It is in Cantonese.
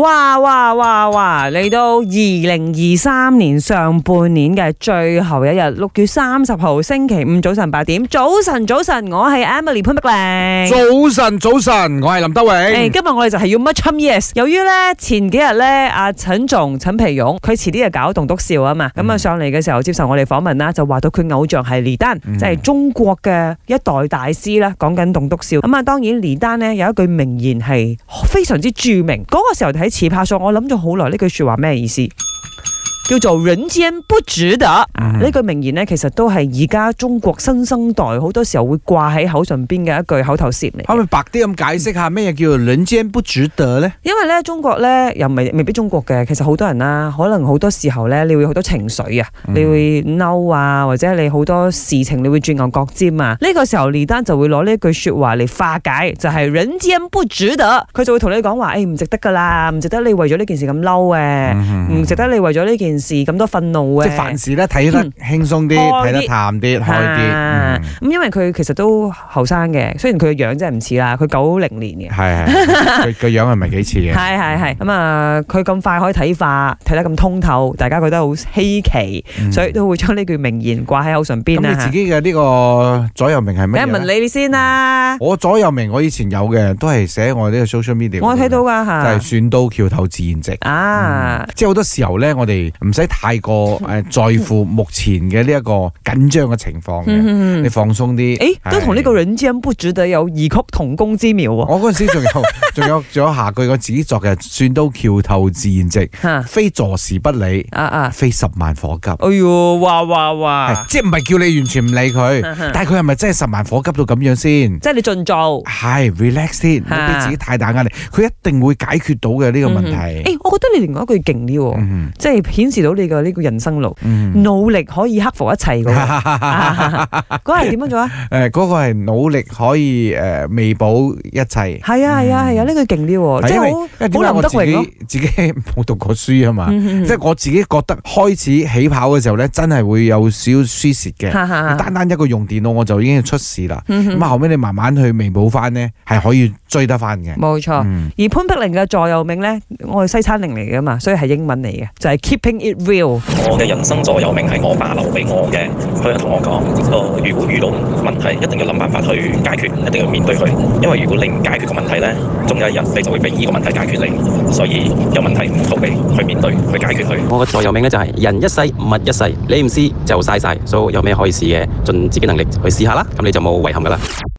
哇哇哇哇！嚟到二零二三年上半年嘅最後一日，六月三十號星期五早晨八點。早晨，早晨，我係 Emily 潘碧玲。早晨，早晨，我係林德永。誒，今日我哋就係要乜 Chum Yes。由於呢前幾日呢，阿陳仲陳皮勇佢遲啲就搞棟篤笑啊嘛，咁啊上嚟嘅時候接受我哋訪問啦，就話到佢偶像係李丹，就係中國嘅一代大師啦。講緊棟篤笑咁啊，當然李丹呢有一句名言係非常之著名，嗰個時候睇。持拍上，我諗咗好耐，呢句說話咩意思？叫做人間不值得呢、mm hmm. 句名言呢，其實都係而家中國新生代好多時候會掛喺口唇邊嘅一句口頭禪嚟。可唔可以白啲咁解釋下咩叫做人間不值得呢？因為咧中國咧又唔係未必中國嘅，其實好多人啦、啊，可能好多時候咧你會好多情緒啊，mm hmm. 你會嬲啊，或者你好多事情你會轉牛角尖啊。呢、這個時候呢丹就會攞呢一句說話嚟化解，就係、是、人間不值得，佢就會同你講話：，誒、哎，唔值得噶啦，唔值得你為咗呢件事咁嬲啊，唔、mm hmm. 值得你為咗呢件。咁多憤怒啊！即凡事咧睇得輕鬆啲，睇得淡啲，開啲。咁因為佢其實都後生嘅，雖然佢嘅樣真係唔似啦，佢九零年嘅，係係佢個樣係唔係幾似嘅？係係係咁啊！佢咁快可以睇化，睇得咁通透，大家覺得好稀奇，所以都會將呢句名言掛喺口唇邊。咁你自己嘅呢個座右銘係乜嘢啊？問你先啦！我座右銘我以前有嘅都係寫我呢個 social media，我睇到㗎，就係船到橋頭自然直啊！即係好多時候咧，我哋唔使太過誒在乎目前嘅呢一個緊張嘅情況嘅，嗯嗯嗯你放鬆啲。誒、欸，都同呢個人間不值得有異曲同工之妙喎、哦。我嗰陣時仲有。 仲有仲有下句我自己作嘅，算到橋頭自然直，非坐視不理，啊啊，非十萬火急，哎喲，哇哇哇，即係唔係叫你完全唔理佢，但係佢係咪真係十萬火急到咁樣先？即係你盡做，係 relax 先，唔俾自己太大壓力，佢一定會解決到嘅呢個問題。誒，我覺得你另外一句勁啲，即係顯示到你嘅呢個人生路，努力可以克服一切嘅。嗰個係點樣做啊？誒，嗰個係努力可以誒彌補一切。係啊係啊係。有呢個勁啲喎，係因為點解我自己冇讀過書啊嘛？即係我自己覺得開始起跑嘅時候咧，真係會有少少輸蝕嘅。單單一個用電腦，我就已經出事啦。咁啊，後尾你慢慢去彌補翻咧，係可以追得翻嘅。冇錯。而潘碧玲嘅座右銘咧，我係西餐令嚟噶嘛，所以係英文嚟嘅，就係 Keeping it real。我嘅人生座右銘係我爸留俾我嘅，佢同我講：如果遇到問題，一定要諗辦法去解決，一定要面對佢，因為如果你唔解決個問題咧。終有一日，你就會俾呢個問題解決你，所以有問題唔逃避，去面對，去解決佢。我個座右銘咧就係、是：人一世，物一世，你唔試就嘥晒，所以有咩可以試嘅，盡自己能力去試下啦，咁你就冇遺憾㗎喇。